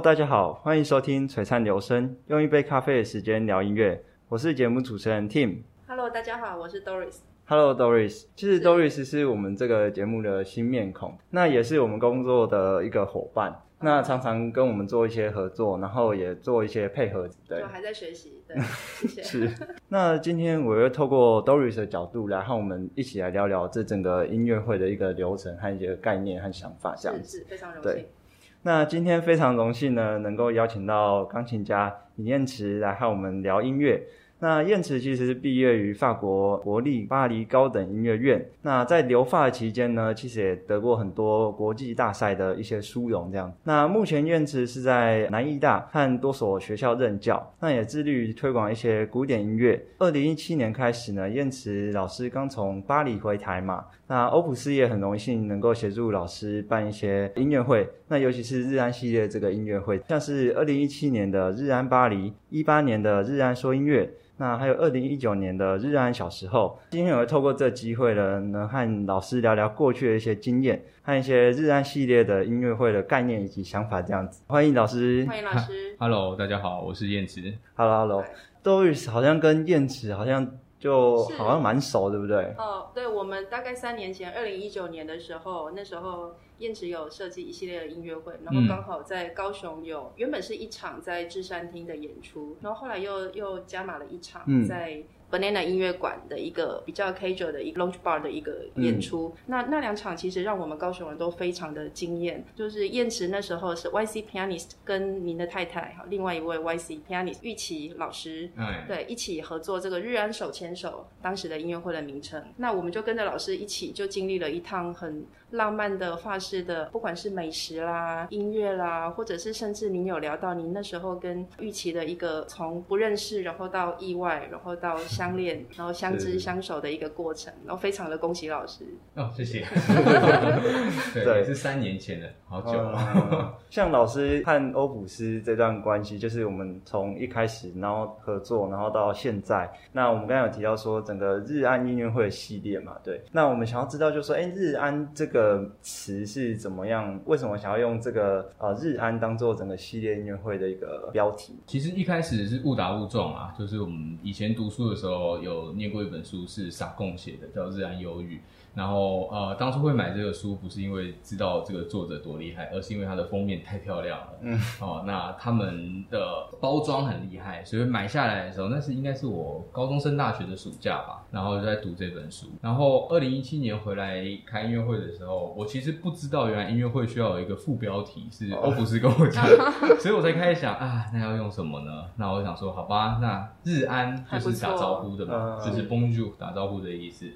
大家好，歡迎收聽《璀璨流聲》，用一杯咖啡的時間聊音樂。我是節目主持人 Tim。Hello，大家好，我是 Doris。Hello，Doris。其實 Doris 是我們這個節目的新面孔，那也是我們工作的一個夥伴，嗯，那常常跟我們做一些合作，然後也做一些配合。對，就還在學習，對，謝謝 是。那今天我會透過 Doris 的角度，來和我們一起來聊聊這整個音樂會的一個流程和一些概念和想法，這樣子是是非常榮幸。那今天非常榮幸呢，能夠邀請到鋼琴家林晏馳來和我們聊音樂。那晏馳其實是畢業於法國國立巴黎高等音樂院。那在留法的期間呢，其實也得過很多國際大賽的一些殊榮，這樣。那目前晏馳是在南藝大和多所學校任教，那也致力於推廣一些古典音樂。二零一七年開始呢，晏馳老師剛從巴黎回台嘛，那歐普思也很榮幸能夠協助老師辦一些音樂會，那尤其是日安系列這個音樂會，像是二零一七年的日安巴黎。一八年的日安說音樂，那還有二零一九年的日安小時候。今天我會透過這機會呢，能和老師聊聊過去的一些經驗，和一些日安系列的音樂會的概念以及想法，這樣子。歡迎老師，歡迎老師。Hello，大家好，我是晏馳。Hello，Hello hello.。Doris 好像跟晏馳好像。就好像蠻熟，對不對？哦，對，我們大概三年前，二零一九年的時候，那時候晏馳有設計一系列的音樂會，然後剛好在高雄有，原本是一場在至善廳的演出，然後後來又又加碼了一場在。Banana 音樂館的一個比較 casual 的一個 lounge bar 的一個演出，嗯、那那兩場其實讓我們高雄人都非常的驚豔。就是晏馳那時候是 YC pianist 跟您的太太，另外一位 YC pianist 玉琦老師，嗯、對，一起合作這個日安手牽手當時的音樂會的名稱。那我們就跟着老師一起就經歷了一趟很。浪漫的、畫式的，不管是美食啦、音樂啦，或者是甚至您有聊到您那時候跟玉琪的一個從不認識，然後到意外，然後到相戀，然後相知相守的一個過程， 然後非常的恭喜老師哦，謝謝 對對。對，是三年前的，好久了。嗯嗯嗯嗯嗯、 像老師和歐普斯這段關係，就是我們從一開始，然後合作，然後到現在。那我們剛才有提到說，整個日安音樂會的系列嘛，對。那我們想要知道就是，就說哎，日安這個。這個詞是怎麼樣？為什麼想要用這個呃“日安”當做整個系列音樂會的一個標題？其實一開始是誤打誤撞啊，就是我們以前讀書的時候有念過一本書，是莎岡寫的，叫《日安憂鬱》。然後呃，當初會買這個書，不是因為知道這個作者多厲害，而是因為它的封面太漂亮了。嗯，哦，那他們的包裝很厲害，所以買下來的時候，那是應該是我高中升大學的暑假吧。然後就在讀這本書。嗯、然後二零一七年回來開音樂會的時候，我其實不知道原來音樂會需要有一個副標題，是歐普思跟我講、嗯，所以我才開始想啊，那要用什麼呢？那我想說，好吧，那日安就是打招呼的嘛，嗯、就是 Bonjour 打招呼的意思。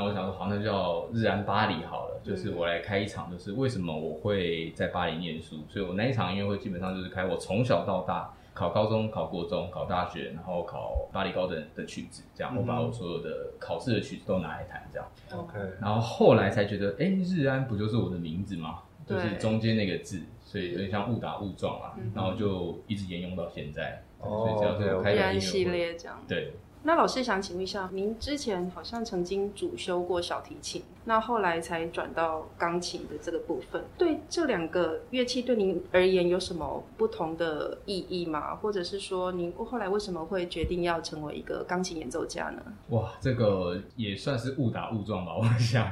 那我想說，好，那就叫日安巴黎好了。就是我來開一場，就是為什麼我會在巴黎念書。所以我那一場音樂會基本上就是開我從小到大考高中、考國中、考大學，然後考巴黎高等的曲子，這樣我、嗯、把我所有的考試的曲子都拿來彈，這樣。OK、嗯。然後後來才覺得，哎、欸，日安不就是我的名字嗎？就是中間那個字，所以有點像誤打誤撞啊。然後就一直沿用到現在，嗯嗯，所以叫做、嗯、日安系列這樣。對。那老師想請問一下，您之前好像曾經主修過小提琴，那後來才轉到鋼琴的這個部分。對這兩個樂器對您而言有什麼不同的意義嗎？或者是說您後來為什麼會決定要成為一個鋼琴演奏家呢？哇，這個也算是誤打誤撞吧。我想，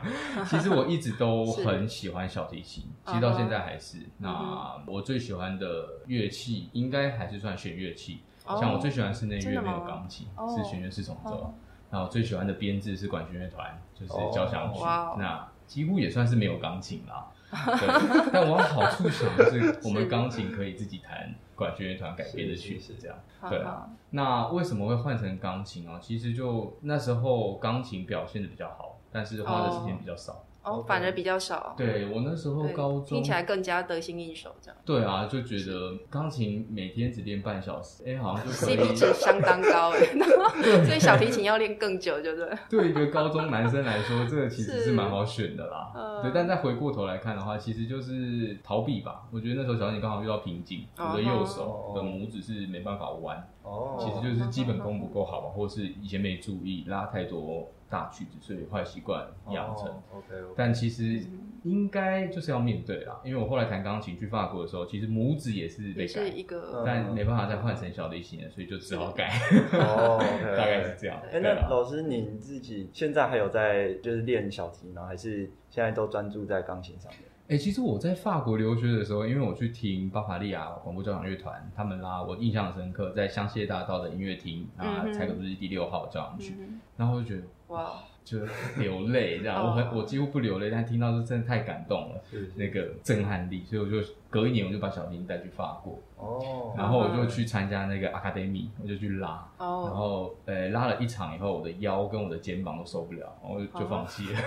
其實我一直都很喜歡小提琴， 其實到現在還是。嗯。那我最喜歡的樂器應該還是算弦樂器。像我最喜歡的是那一樂沒有鋼琴，是弦樂四重奏。那、哦、我、嗯、最喜歡的編制是管弦樂團，就是交響曲、哦哦。那幾乎也算是沒有鋼琴啦、嗯。對。 但我好處想的是我們鋼琴可以自己彈，管弦樂團改編的曲是，是，是，是，是這樣。好好對、啊，那為什麼會換成鋼琴啊？其實就那時候鋼琴表現的比較好，但是花的時間比較少。哦哦、oh, okay.，反而比較少。對，我那時候高中聽起來更加得心應手，這樣。對啊，就覺得鋼琴每天只練半小時，哎、欸，好像就可以。 CP 值相當高哎， 所以小提琴要練更久，就是。對一個高中男生來說，這個、其實是蠻好選的啦。呃、對，但再回過頭來看的話，其實就是逃避吧。我覺得那時候小提琴剛好遇到瓶頸，我的右手的、uh -huh. 拇指是沒辦法彎，哦、uh -huh.，其實就是基本功不夠好吧、uh -huh. 或是以前沒注意拉太多、哦。大曲子，所以壞習慣養成。Oh, okay, OK，但其實應該就是要面對啦。因為我後來彈鋼琴去法國的時候，其實拇指也是被改是一個，但沒辦法再換成小提琴，所以就只好改。哦， oh, okay. 大概是這樣。哎、欸，那老師你自己現在還有在就是練小提嗎？還是現在都專注在鋼琴上面？誒、欸，其實我在法國留學的時候，因為我去聽巴伐利亞廣播交響樂團，他們拉、啊、我印象很深刻，在香榭大道的音樂廳啊，柴可夫斯基第六號交響曲、嗯，然後我就覺得哇、啊，就流淚 這樣。我很我幾乎不流淚，但聽到是真的太感動了， 那個震撼力，所以我就。隔一年我就把小丁帶去法國，哦、oh，然後我就去參加那個 Academy、oh. 我就去拉，哦、oh.，然後、呃、拉了一場以後，我的腰跟我的肩膀都受不了，然後就放棄了。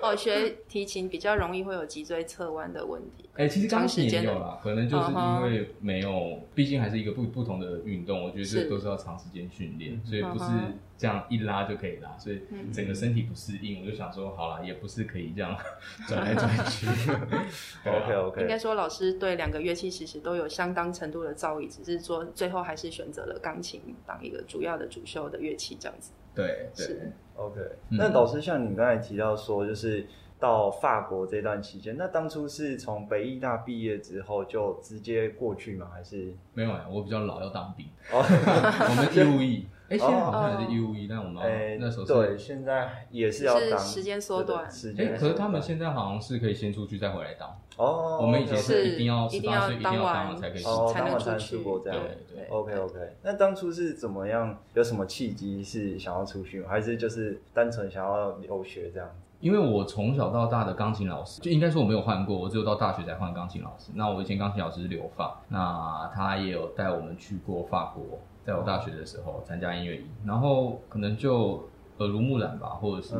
哦、oh. 學提琴比較容易會有脊椎側彎的問題。哎、欸，其實鋼琴也有啦，可能就是因為沒有，畢竟還是一個不不同的運動，我覺得這都是要長時間訓練，所以不是這樣一拉就可以拉，所以整個身體不適應，嗯、我就想說，好了，也不是可以這樣轉來轉去。 啊 oh, OK OK。說老師對兩個樂器其實都有相當程度的造詣，只是說最後還是選擇了鋼琴當一個主要的主修的樂器這樣子。對，對，是。OK，嗯。那老師像你剛才提到說，就是到法國這段期間，那當初是從北藝大畢業之後就直接過去嗎？還是？沒有啊。我比較老，要當兵。哦， 我們義務役。哎、欸，oh, 現在好像也是一五一，但我們那時候、欸、對，現在也是要當是時間縮短。時間、欸。可是他們現在好像是可以先出去再回來當。哦、oh, okay.，我們以前是一定要十八歲一定要當了才可以、哦、才能出國這樣。對，對，對，對，對，對，OK OK。那當初是怎麼樣？有什麼契機是想要出去還是就是單純想要留學這樣？因為我從小到大的鋼琴老師，就應該說我沒有換過，我只有到大學才換鋼琴老師。那我以前鋼琴老師是留法，那他也有帶我們去過法國。在我大學的時候參加音樂營，oh. 然後可能就耳濡目染吧，或者是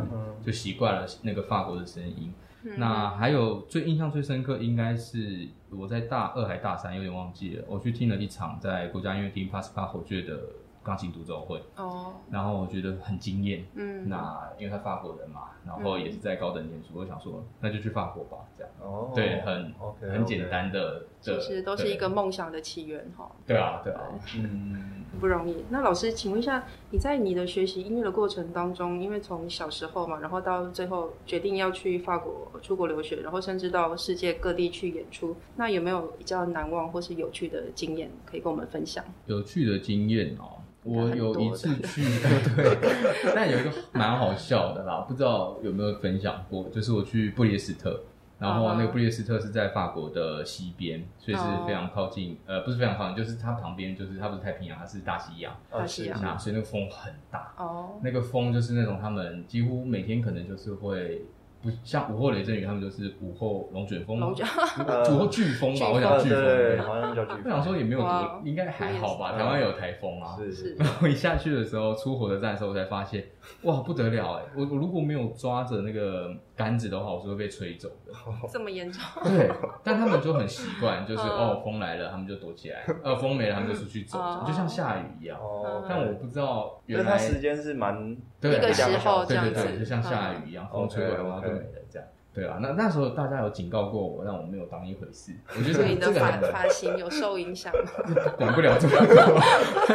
就習慣了那個法國的聲音。Uh -huh. 那還有最印象最深刻，應該是我在大二還大三有點忘記了，我去聽了一場在國家音樂廳帕斯卡羅傑的鋼琴獨奏會，oh. 然後我覺得很驚艷。嗯、uh -huh.，那因為他法國人嘛，然後也是在高等念書，我想說那就去法國吧，這樣。哦、oh.，對，很 okay, okay. 很簡單的。其實都是一個夢想的起源哈。對啊，對啊，嗯，不容易、嗯。那老師，請問一下，你在你的學習音樂的過程當中，因為從小時候嘛，然後到最後決定要去法國出國留學，然後甚至到世界各地去演出，那有沒有比較難忘或是有趣的經驗可以跟我們分享？有趣的經驗哦、喔，我有一次去， 對，那有一個蠻好笑的啦，不知道有沒有分享過，就是我去布列斯特。然後、啊 oh. 那個布列斯特是在法國的西邊，所以是非常靠近，oh. 呃，不是非常靠近，就是它旁邊就是它不是太平洋，它是大西洋，啊、oh, 西洋。嗯，所以那個風很大，哦、oh.，那個風就是那種他們幾乎每天可能就是會。不像午後雷陣雨，他們就是午後龍捲風，午後颶風吧？呃、我想颶風。對，好像叫颶風。我想說也沒有什麼，應該還好吧？台灣也有颱風啊、嗯是。然後一下去的時候，出火車站的時候，我才發現，哇，不得了、欸！哎，我我如果沒有抓着那個桿子的話，我就會被吹走的。這麼嚴重？ 對。但他們就很習慣，就是、嗯、哦，風來了，他們就躲起來，呃，風沒了，他們就出去走、嗯嗯，就像下雨一樣。哦、嗯。但我不知道，原來時間是蠻，一個時候對，對對，對就像下雨一樣，嗯、風吹過來。對啊，那那時候大家有警告過我，但我沒有當一回事。我覺得 你的髮，髮型有受影響嗎？管 不了這麼多，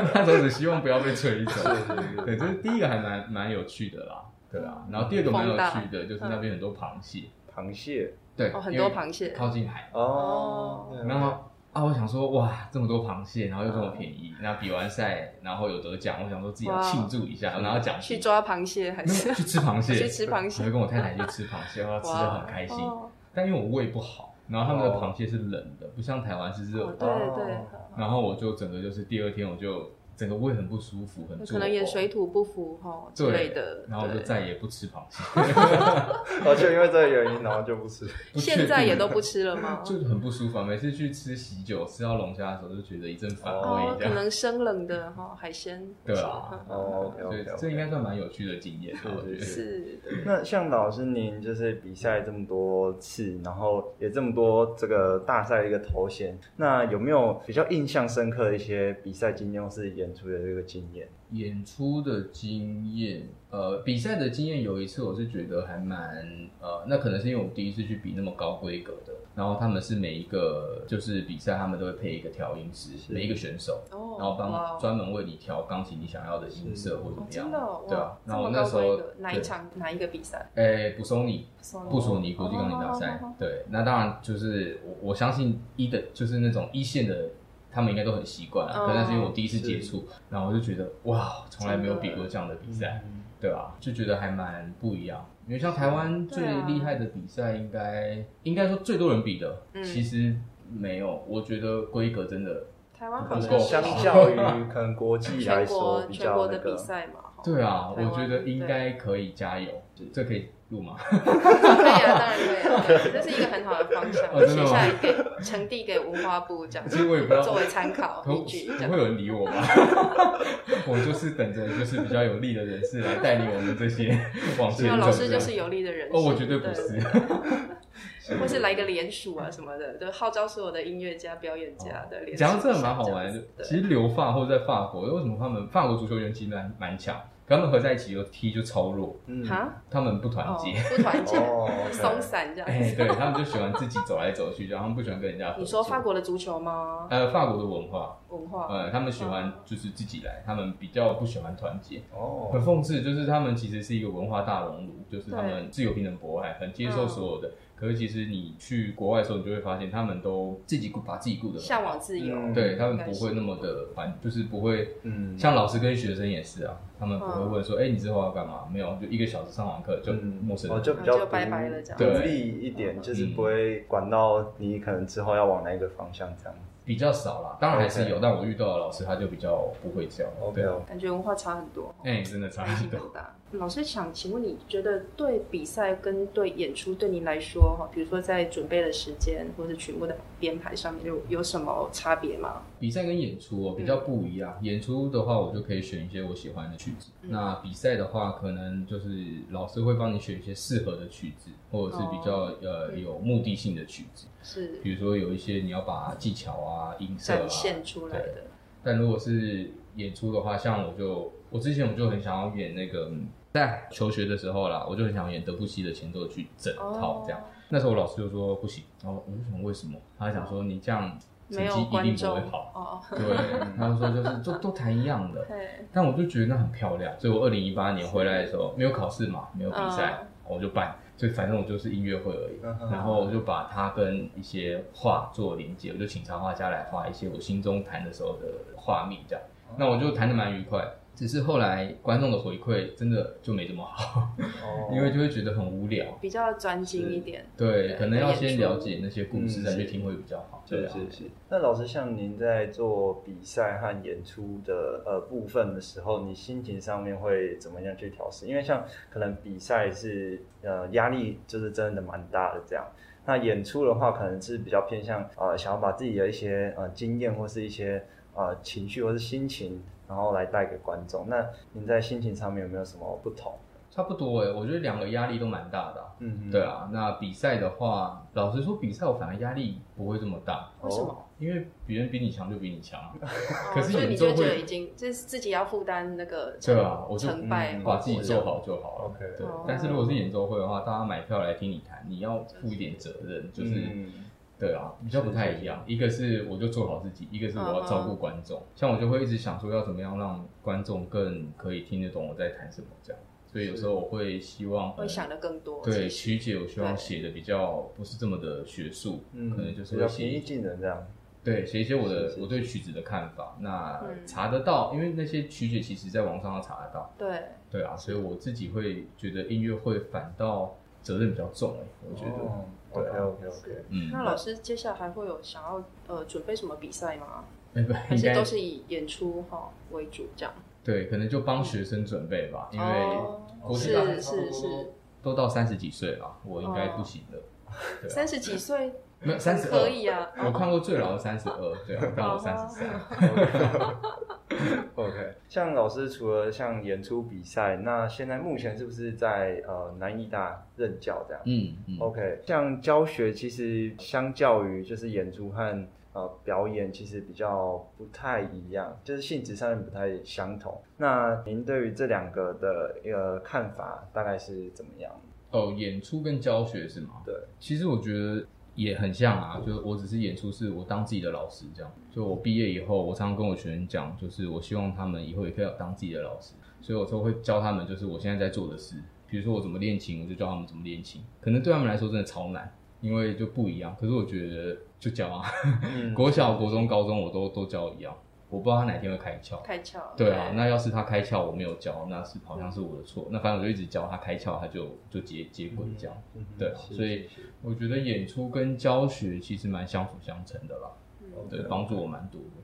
那時候只希望不要被吹走。對，這，就是第一個還蠻蠻有趣的啦，對啊。然後第二個蠻有趣的，就是那邊很多螃蟹，嗯、螃蟹對，很多螃蟹靠近海哦。啊，我想說，哇，這麼多螃蟹，然後又這麼便宜，oh. 然後比完賽，然後有得獎，我想說自己要慶祝一下，wow. 然後獎去抓螃蟹還是 去吃螃蟹？ 去吃螃蟹。我 就跟我太太去吃螃蟹，然後吃得很開心。Wow. 但因為我胃不好，然後他們的螃蟹是冷的，oh. 不像台灣是熱的。對對對。然後我就整個就是第二天我就。整個胃很不舒服，很可能也水土不服哈、哦、之類的，然後就再也不吃螃蟹，好 呵呵，就因為這個原因，然後就不吃，現在也都不吃了嗎？ 就很不舒服， 每次去吃喜酒、吃到龍蝦的時候，就覺得一陣反胃。哦，可能生冷的哈海鮮，對吧？哦， oh, okay, okay, okay, 這應該算蠻有趣的經驗。對。是對 那像老師，您就是比賽這麼多次，然後也這麼多這個大賽的一個頭銜，那有沒有比較印象深刻的一些比賽經驗是？演出的這個經驗，演出的經驗，呃，比賽的經驗，有一次我是覺得還蠻，呃，那可能是因為我第一次去比那麼高規格的，然後他們是每一個就是比賽，他們都會配一個調音師，每一個選手，oh, 然後幫專、wow. 門為你調鋼琴你想要的音色或怎麼樣，oh, 對啊，那我那時候哪一場哪一個比賽？誒、欸，布松尼，布、oh. 松尼、oh. 國際鋼琴大賽，oh. 對，那當然就是我我相信一的，就是那種一線的。他們應該都很習慣可能、嗯、是因為我第一次接觸，然後我就覺得哇，從來沒有比過這樣的比賽，對吧、嗯？就覺得還蠻不一樣，因為像台灣最厲害的比賽，應該、啊、應該說最多人比的、嗯，其實沒有，我覺得規格真的、嗯、台灣不夠，相較於可能國際來說，比較那個，全國的比賽嘛。對啊，我覺得應該可以加油，這可以錄嗎？對啊，當然可以、啊對，這是一個很好的方向，我寫下來給呈遞給文化部講。其實我也不知道，作為參考依據，會有人理我嗎？ 我就是等着，就是比較有力的人士來帶領我們這些。因為老師就是有力的人士， 哦，我絕對不是對。 或是來一個連署啊什麼的，就號召所有的音樂家、表演家的連署。講到這個蠻好玩的。其實留法或者在法國，為什麼他們法國足球員其實蠻強，蠻強跟他們合在一起又踢就超弱？嗯，他們不團結，哦、不團結，鬆、哦、散這樣子。哎、欸，對他們就喜歡自己走來走去，然 後不喜歡跟人家合作。你說法國的足球嗎？呃，法國的文化，文化，呃、嗯，他們喜歡就是自己來，他們比較不喜歡團結。哦，很諷刺，就是他們其實是一個文化大熔爐，就是他們自由平等博愛，很接受所有的。嗯可是其實你去國外的時候，你就會發現他們都自己把自己顧得，嚮往自由，嗯、對、嗯、他們不會那麼的煩，就是不會，嗯，像老師跟學生也是啊。他們不會問說，哎、哦欸，你之後要幹嘛？沒有，就一個小時上完課就陌生人哦，就比較獨立、嗯、一點，嗯、就是不會管到你可能之後要往哪一個方向這樣，嗯、比較少啦。當然還是有，okay. 但我遇到的老師他就比較不會這樣。OK 啊，感覺文化差很多，哎、嗯，真的差很多。老師想請問，你覺得對比賽跟對演出對你來說，哈，比如說在準備的時間或者曲目的編排上面有有什麼差別嗎？比賽跟演出哦、喔、比較不一樣。嗯、演出的話，我就可以選一些我喜歡的。嗯、那比賽的話，可能就是老師會幫你選一些適合的曲子，或者是比較、哦嗯、呃有目的性的曲子。是，比如說有一些你要把技巧啊、音色啊展現出來的。對，但如果是演出的話，像我就我之前我就很想要演那個，在、嗯、求學的時候啦，我就很想演德布西的前奏曲整套這樣。哦、那時候我老師就說不行，然後我就想為什麼？他還想說你這樣。成績一定不會好，對，嗯、他們說就是都 都，都彈一樣的， 但我就覺得那很漂亮，所以我二零一八年回來的時候沒有考試嘛，沒有比賽，嗯、我就辦，所以反正我就是音樂會而已，嗯、然後我就把它跟一些畫做連接，我就請插畫家來畫一些我心中彈的時候的畫面，這樣、嗯，那我就彈得蠻愉快。只是後來觀眾的回饋真的就沒這麼好、哦，因為就會覺得很無聊，比較專心一點對。對，可能要先了解那些故事再去聽會比較好。嗯、是對、啊、是是，是。那老師，像您在做比賽和演出的呃部分的時候，你心情上面會怎麼樣去調適？因為像可能比賽是呃壓力就是真的蠻大的這樣。那演出的話，可能是比較偏向呃想要把自己的一些呃經驗或是一些呃情緒或是心情。然後來帶給觀眾，那您在心情上面有沒有什麼不同？差不多哎、欸，我覺得兩個壓力都蠻大的、啊。嗯，嗯，對啊。那比賽的話，老實說，比賽我反而壓力不會這麼大。為什麼？因為別人比你強就比你強、啊。 可是演奏會、啊、就你就覺得已經就是自己要負擔那個對啊，我就成敗、嗯嗯、把自己做好就好了。哦、對、哦，但是如果是演奏會的話，大家買票來聽你彈，你要負一點責任，就是。就是就是就是嗯對啊，比較不太一樣是是是。一個是我就做好自己，一個是我要照顧觀眾、嗯。像我就會一直想說，要怎麼樣讓觀眾更可以聽得懂我在談什麼這樣、就是。所以有時候我會希望、嗯、會想得更多。對，曲解我希望寫的比較不是這麼的學術、嗯，可能就是要寫平易近人這樣。對，寫一些我的是是是我對曲子的看法。那、嗯、查得到，因為那些曲解其實在網上都查得到。對對啊，所以我自己會覺得音樂會反倒責任比較重哎、欸，我覺得。哦對、啊，OK，OK okay, okay, okay. 嗯。那老師接下來還會有想要、呃、準備什麼比賽嗎？沒、欸，不，還是都是以演出哈、喔、為主這樣。對，可能就幫學生準備吧，因為是是是，都到三十幾歲了，我應該不行了。哦。對啊、三十幾歲，沒有三十二可以啊。我看過最老的三十二，對啊，到了三十三。 啊、okay. OK，像老師除了像演出比賽，那現在目前是不是在呃南藝大任教這樣？嗯，嗯，OK，像教學其實相較於就是演出和呃表演其實比較不太一樣，就是性質上面不太相同。那您對於這兩個的一個看法大概是怎麼樣呢？演出跟教學是嗎？對，其實我覺得也很像啊，就是我只是演出，是我當自己的老師這樣。就我畢業以後，我常常跟我學生講，就是我希望他們以後也可以要當自己的老師，所以我就會教他們，就是我現在在做的事。比如說我怎麼練琴，我就教他們怎麼練琴。可能對他們來說真的超難，因為就不一樣。可是我覺得就教啊， 國小、國中、高中我都都教一樣。我不知道他哪天會開竅。開竅。對啊對，那要是他開竅，我沒有教，那是好像是我的錯，嗯。那反正我就一直教他開竅，他就就接接軌教。嗯、對是是是是，所以我覺得演出跟教學其實蠻相輔相成的啦，嗯、對，幫助我蠻多的。嗯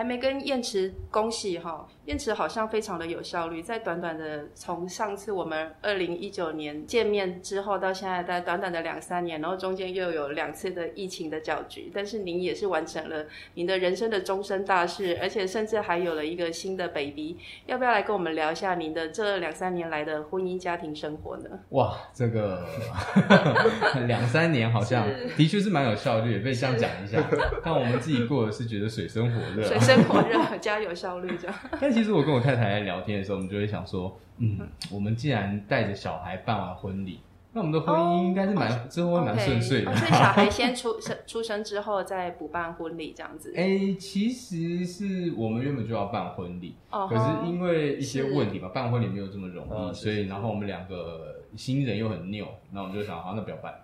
還沒跟晏馳恭喜哈。晏馳好像非常的有效率，在短短的從上次我們二零一九年見面之後到現在，短短的兩三年，然後中間又有兩次的疫情的攪局，但是您也是完成了您的人生的終身大事，而且甚至還有了一個新的 baby，要不要來跟我們聊一下您的這兩三年來的婚姻家庭生活呢？哇，這個兩三年好像 的確是蠻有效率，可以這樣講一下。 但我們自己過的是覺得水深火熱，啊，水深火熱，加有效率這樣。 其實我跟我太太在聊天的時候，我們就會想說，嗯，嗯，我們既然帶着小孩辦完婚禮，嗯，那我們的婚姻應該是蠻之、oh, okay. 後蠻順遂的。是，okay. oh, so，小孩先出生， 出生之後再補辦婚禮這樣子，欸。其實是我們原本就要辦婚禮，oh, 可是因為一些問題吧，辦婚禮沒有這麼容易，oh, 嗯，所以然後我們兩個新人又很拗，那我們就想， 好，那不要辦。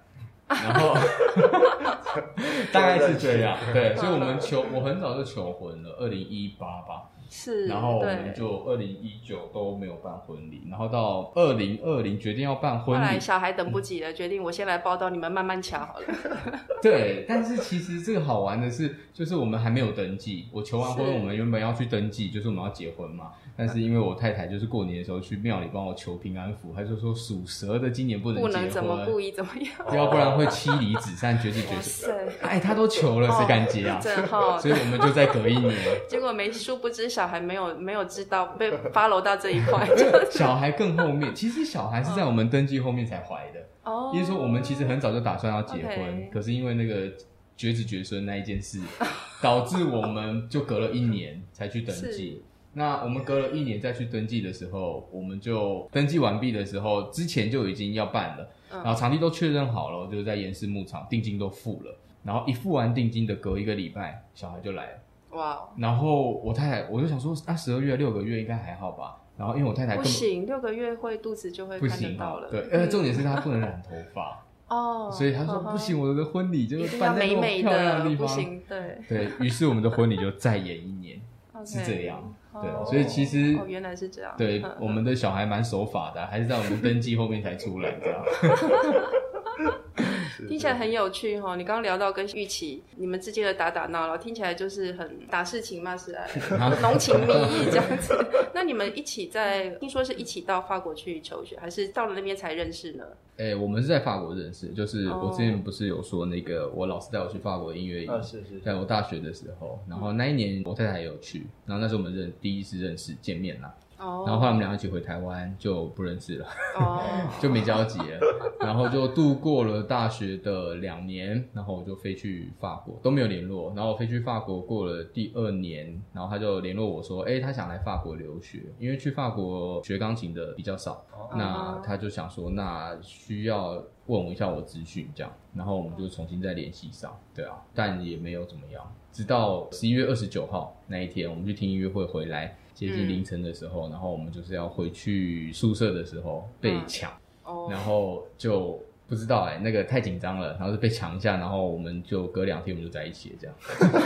然後 大概是這樣，對， 對，所以我們求 我很早就求婚了，二零一八吧。是，然後我們就二零一九都沒有辦婚禮，然後到二零二零決定要辦婚禮，後來小孩等不及了，嗯、決定我先來報到，你們慢慢瞧好了。 對，但是其實這個好玩的是，就是我們還沒有登記，我求完婚，我們原本要去登記，就是我們要結婚嘛。但是因為我太太就是過年的時候去廟裡幫我求平安符，他就說屬蛇的今年不能結婚，不能怎麼故意怎麼樣，要不然會妻離子散，絕子絕孫。Oh, 哎，他都求了， 誰敢結啊？真好。所以我們就再隔一年， 結果沒，殊不知。小孩沒有沒有知道被 follow 到這一塊，就是、 小孩更後面。其實小孩是在我們登記後面才懷的。哦、oh, okay.，因為說，我們其實很早就打算要結婚，okay. 可是因為那個絕子絕孫那一件事， 導致我們就隔了一年才去登記。 那我們隔了一年再去登記的時候，我們就登記完畢的時候，之前就已經要辦了，oh, okay. 然後場地都確認好了，就是在鹽世牧場，定金都付了，然後一付完定金的隔一個禮拜，小孩就來了。Wow. 然後我太太，我就想說，啊，十二月六個月應該還好吧？然後因為我太太不行，六個月會肚子就會不行到了。啊、對，嗯、而且重點是她不能染頭髮哦，所以她說、哦、不行，我的婚禮就是辦在這麼漂亮的地方，美美不行。對，對，於是我們的婚禮就再延一年， 是這樣。Okay. 對，oh. 所以其實哦，oh, 原來是這樣。對，我們的小孩蠻守法的， 還是在我們登記後面才出來這樣。 聽起來很有趣哈！你剛剛聊到跟玉琪你們之間的打打鬧鬧，聽起來就是很打是情罵是愛，濃情蜜意這樣子。那你們一起在、嗯、聽說是一起到法國去求學，還是到了那邊才認識呢？哎、欸，我們是在法國認識，就是我之前不是有說那個我老師帶我去法國音樂營，是、哦、是，在我大學的時候，然後那一年我太太也有去，然後那是我們認第一次認識見面啦。然後後來我們倆一起回台灣，就不認識了，oh. 就沒交集了。然後就度過了大學的兩年，然後我就飛去法國，都沒有聯絡。然後我飛去法國過了第二年，然後他就聯絡我說：“哎，他想來法國留學，因為去法國學鋼琴的比較少，oh. 那他就想說，那需要問我一下我資訊這樣。”然後我們就重新再聯繫上，對啊，但也沒有怎麼樣。直到十一月二十九號那一天，我們去聽音樂會回來。接近凌晨的時候，嗯，然後我們就是要回去宿舍的時候被搶，嗯 oh. 然後就不知道哎、欸，那個太緊張了，然後就被搶一下，然後我們就隔兩天我們就在一起了，這樣。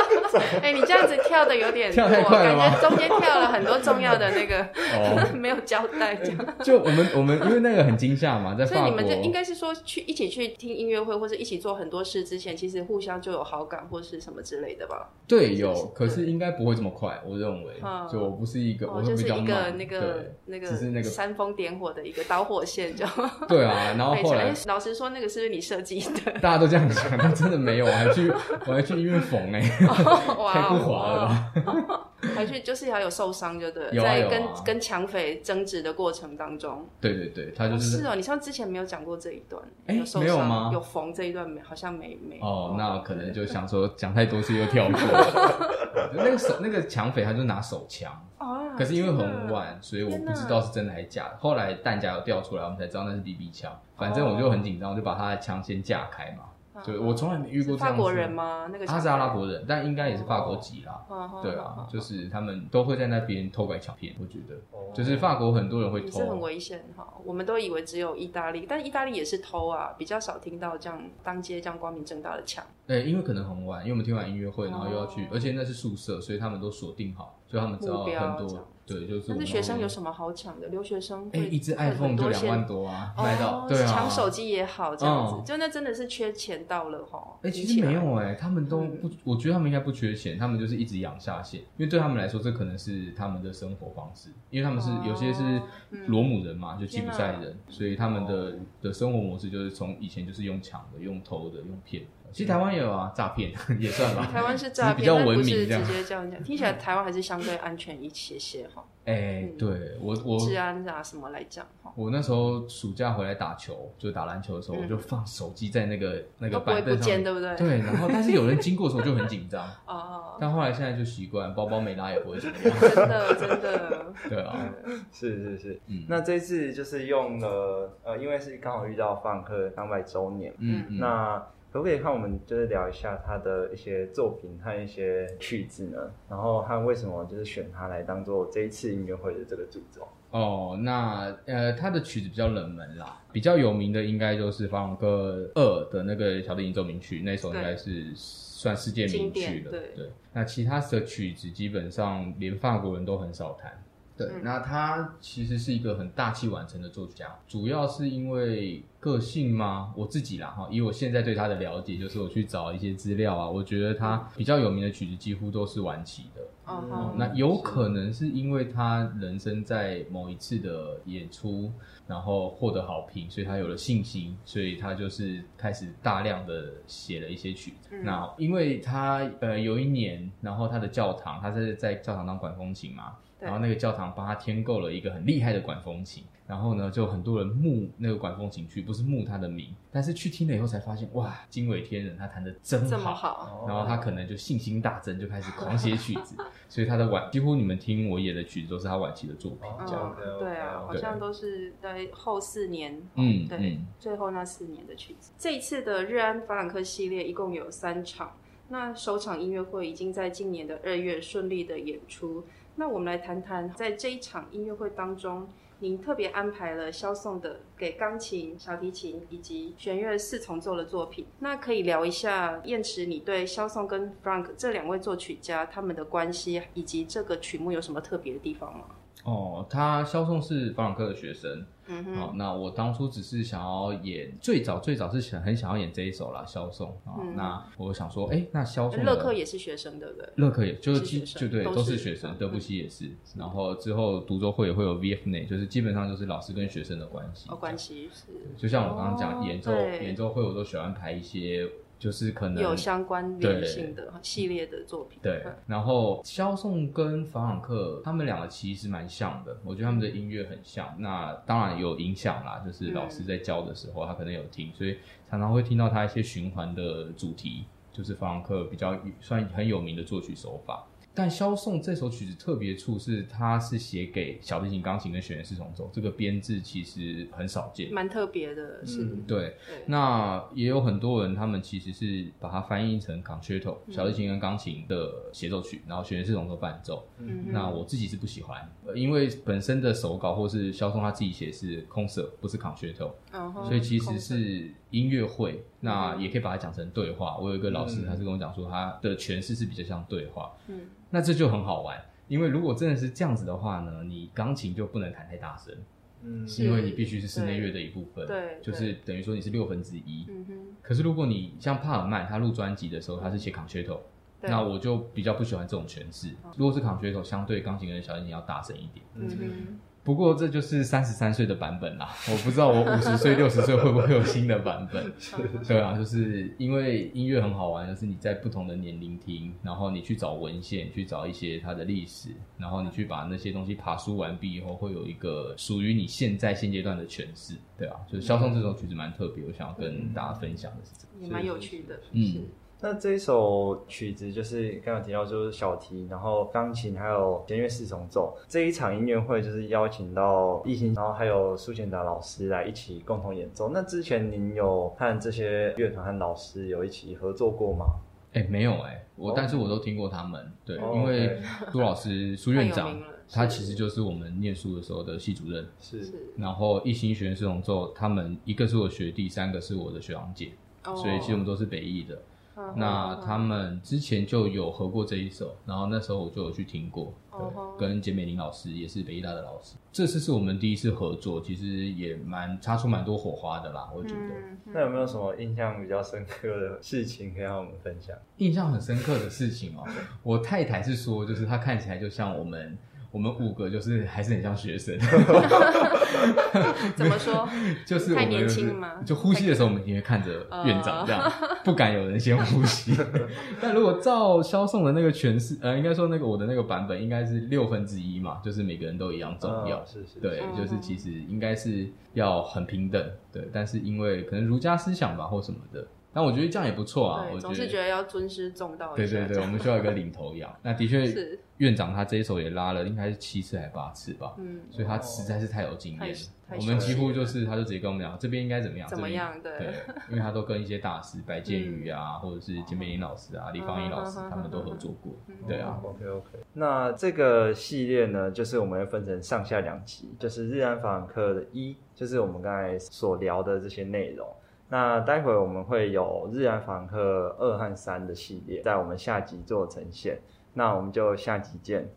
哎， 欸，你這樣子跳的有點太快了，感覺，中間跳了很多重要的那個 ，oh, 沒有交代這樣，就我們我們因為那個很驚嚇嘛， 在法國。所以你們就應該是說去一起去聽音樂會，或者一起做很多事之前，其實互相就有好感或是什麼之類的吧？對，有，可是應該不會這麼快，我認為。就我不是一個，oh, 我就是一個那個、那個、就那個，只是那個煽風點火的一個導火線就。對啊，然後哎，欸，老實說那個是不是你設計的？大家都這樣講，他真的沒有， 我還去我還去醫院縫哎。Oh, Wow, 太不滑了吧， 還是就是還有受傷，就對了有、啊，在跟有、啊有啊、跟搶匪爭執的過程當中，對對對，他就是哦是哦，你像之前沒有講過這一段，哎、欸，沒有嗎？有縫這一段沒？好像沒沒哦，oh, wow, 那可能就想說講太多次又跳過， 那個手那個搶匪他就拿手槍哦。 可是因為很晚，所以我不知道是真的還是假的。啊、後來彈夾有掉出來，我們才知道那是 BB 槍，反正我就很緊張，oh. 我就把他的槍先架開嘛。 對，我從來沒遇過這樣子。法國人嗎？那個他、啊、是阿拉伯人，但應該也是法國籍啦。Oh, oh. 對啊，oh, oh. 就是他們都會在那邊偷拐搶騙，我覺得。哦、oh, oh.。就是法國很多人會偷、啊。這、oh, oh. 很危險哈，我們都以為只有意大利，但意大利也是偷啊，比較少聽到這樣當街這樣光明正大的搶。對、欸，因為可能很晚，因為我們聽完音樂會，oh, oh. 然後又要去，而且那是宿舍，所以他們都鎖定好。所以他們知道很多，對，就是我們我們，但是學生有什麼好搶的？留學生哎、欸，一隻 iPhone 就兩萬多啊，買到搶、對哦、手機也好這樣子、嗯，就那真的是缺錢到了哈、哦。哎、欸，其實沒有哎、欸，他們都不、嗯，我覺得他們應該不缺錢，他們就是一直養下線，因為對他們來說，這可能是他們的生活方式，因為他們是、哦、有些是羅姆人嘛，嗯、就吉普賽人、啊，所以他們的、哦、的生活模式就是從以前就是用搶的，用偷的，用騙的。其實台灣也有啊，詐騙也算吧。台灣是詐騙，只是比較文明，但不是直接這樣講。聽起來台灣還是相對安全一些些哈。哎、嗯欸嗯，對我我治安啊什麼來講哈。我那時候暑假回來打球，就打籃球的時候，嗯、我就放手機在那個那個板凳上不會不見對不對？對。然後，但是有人經過的時候就很緊張哦， 但後來現在就習慣，包包沒拉也不會怎麼樣。真的真的。 對啊， 是是是，嗯。那這次就是用了呃，因為是剛好遇到法朗克兩百週年，嗯，嗯，那。可不可以看，我們就是聊一下他的一些作品和一些曲子呢？然後他為什麼就是選他來當做這一次音樂會的這個主軸？哦，那呃，他的曲子比較冷門啦，比較有名的應該就是《法朗克二》的那個小提琴奏鳴曲，那首應該是算世界名曲了對對。對，那其他的曲子基本上連法國人都很少彈。對，那他其實是一個很大器晚成的作家，主要是因為個性嗎？我自己啦哈，以我現在對他的了解，就是我去找一些資料啊，我覺得他比較有名的曲子幾乎都是晚期的。哦、嗯，那有可能是因為他人生在某一次的演出，然後獲得好評，所以他有了信心，所以他就是開始大量的寫了一些曲子、嗯。那因為他呃有一年，然後他的教堂，他是在教堂當管風琴嘛。然後那個教堂幫他添購了一個很厲害的管風琴，然後呢，就很多人慕那個管風琴去，不是慕他的名，但是去聽了以後才發現，哇，驚為天人，他彈得真好。這麼好。然後他可能就信心大增，就開始狂寫曲子。所以他的晚，幾乎你們聽我演的曲子都是他晚期的作品。Oh, 嗯，對啊，好像都是在後四年，嗯，對嗯，最後那四年的曲子。這一次的日安法朗克系列一共有三場，那首場音樂會已經在今年的二月順利的演出。那我們來談談，在這一場音樂會當中，您特別安排了肖頌的給鋼琴、小提琴以及弦樂四重奏的作品。那可以聊一下晏馳，你對肖頌跟法朗克這兩位作曲家他們的關係，以及這個曲目有什麼特別的地方嗎？哦，他肖頌是法朗克的學生。 好，那我當初只是想要演，最早最早是想很想要演這一首啦。肖頌、嗯。那我想說，哎、欸，那肖頌，勒克也是學生，對不對？勒克也就是基就對，都是學生，德布西也是、嗯。然後之後獨奏會也會有 VFN，就是基本上就是老師跟學生的關係，哦，關係是。就像我剛剛講演奏演奏會，我都喜歡排一些。就是可能有相關聯性的系列的作品。對，嗯、對，然後肖頌跟法朗克他們兩個其實蠻像的，我覺得他們的音樂很像。那當然有影響啦，就是老師在教的時候，他可能有聽、嗯，所以常常會聽到他一些循環的主題，就是法朗克比較算很有名的作曲手法。但蕭頌這首曲子特別處是，它是寫給小提琴、鋼琴跟弦樂四重奏這個編制，其實很少見，蠻特別的。是、嗯、對，對。那也有很多人，他們其實是把它翻譯成 concerto，、嗯、小提琴跟鋼琴的協奏曲，然後弦樂四重奏伴奏、嗯。那我自己是不喜歡，因為本身的手稿或是蕭頌他自己寫是 concert，不是 concerto，、oh, 所以其實是音樂會、嗯。那也可以把它講成對話。我有一個老師，他是跟我講說，他的詮釋是比較像對話。嗯。那這就很好玩，因為如果真的是這樣子的話呢，你鋼琴就不能彈太大聲，嗯，是因為你必須是室內樂的一部分，對，對對，就是等於說你是六分之一，嗯。可是如果你像帕爾曼，他錄專輯的時候他是寫 concerto，那我就比較不喜歡這種詮釋，哦。如果是 concerto，相對鋼琴跟小提琴要大聲一點，嗯不過這就是三十三歲的版本啦，我不知道我五十歲、六十歲會不會有新的版本。 對啊，就是因為音樂很好玩，就是你在不同的年齡聽，然後你去找文獻，去找一些它的歷史，然後你去把那些東西爬梳完畢以後，會有一個屬於你現在現階段的詮釋。對啊，就是蕭頌這首曲子蠻特別，我想要跟大家分享的是這，也蠻有趣的。嗯。那這一首曲子就是剛剛提到，就是小提，然後鋼琴，還有弦樂四重奏這一場音樂會，就是邀請到藝興，然後還有蘇顯達老師來一起共同演奏。那之前您有和這些樂團和老師有一起合作過嗎？哎、欸，沒有哎、欸，我、哦、但是我都聽過他們，對，哦 okay. 因為蘇老師、蘇院長 他，他其實就是我們念書的時候的系主任，是。是，然後藝興弦樂四重奏，他們一個是我學弟，三個是我的學長姐，哦、所以其實我們都是北藝的。 那他們之前就有合過這一首，然後那時候我就有去聽過，對， 跟簡美玲老師也是北藝大的老師，這次是我們第一次合作，其實也蠻擦出蠻多火花的啦，我覺得。那、嗯嗯、有沒有什麼印象比較深刻的事情可以讓我們分享？印象很深刻的事情哦、喔， 我太太是說，就是她看起來就像我們，我們五個就是還是很像學生。 怎麼說？ 就是我們、就是、太年輕嗎？就呼吸的時候，我們也會看着院長這樣、 呃，不敢有人先呼吸。 但如果照肖頌的那個詮釋，呃，應該說那個我的那個版本，應該是六分之一嘛，就是每個人都一樣重要。嗯、是，是是，對，就是其實應該是要很平等，對。但是因為可能儒家思想吧，或什麼的。但我覺得這樣也不錯啊，我總是覺得要尊師重道。對對對， 我們需要一個領頭羊。那的確，院長他這一手也拉了，應該是七次還八次吧。嗯，所以他實在是太有經驗。太、哦、我們幾乎就是，他就直接跟我們聊這邊應該怎麼樣，怎麼樣對。對， 因為他都跟一些大師白建宇啊、嗯，或者是金美林老師啊、嗯、李芳英老師、啊啊，他們都合作過。啊啊對啊，啊，OK OK。那這個系列呢，就是我們要分成上下兩集，就是《日安。法朗克》的一，就是我們剛才所聊的這些內容。那待會我們會有日安法朗克二和三的系列，在我們下集做呈現。那我們就下集見。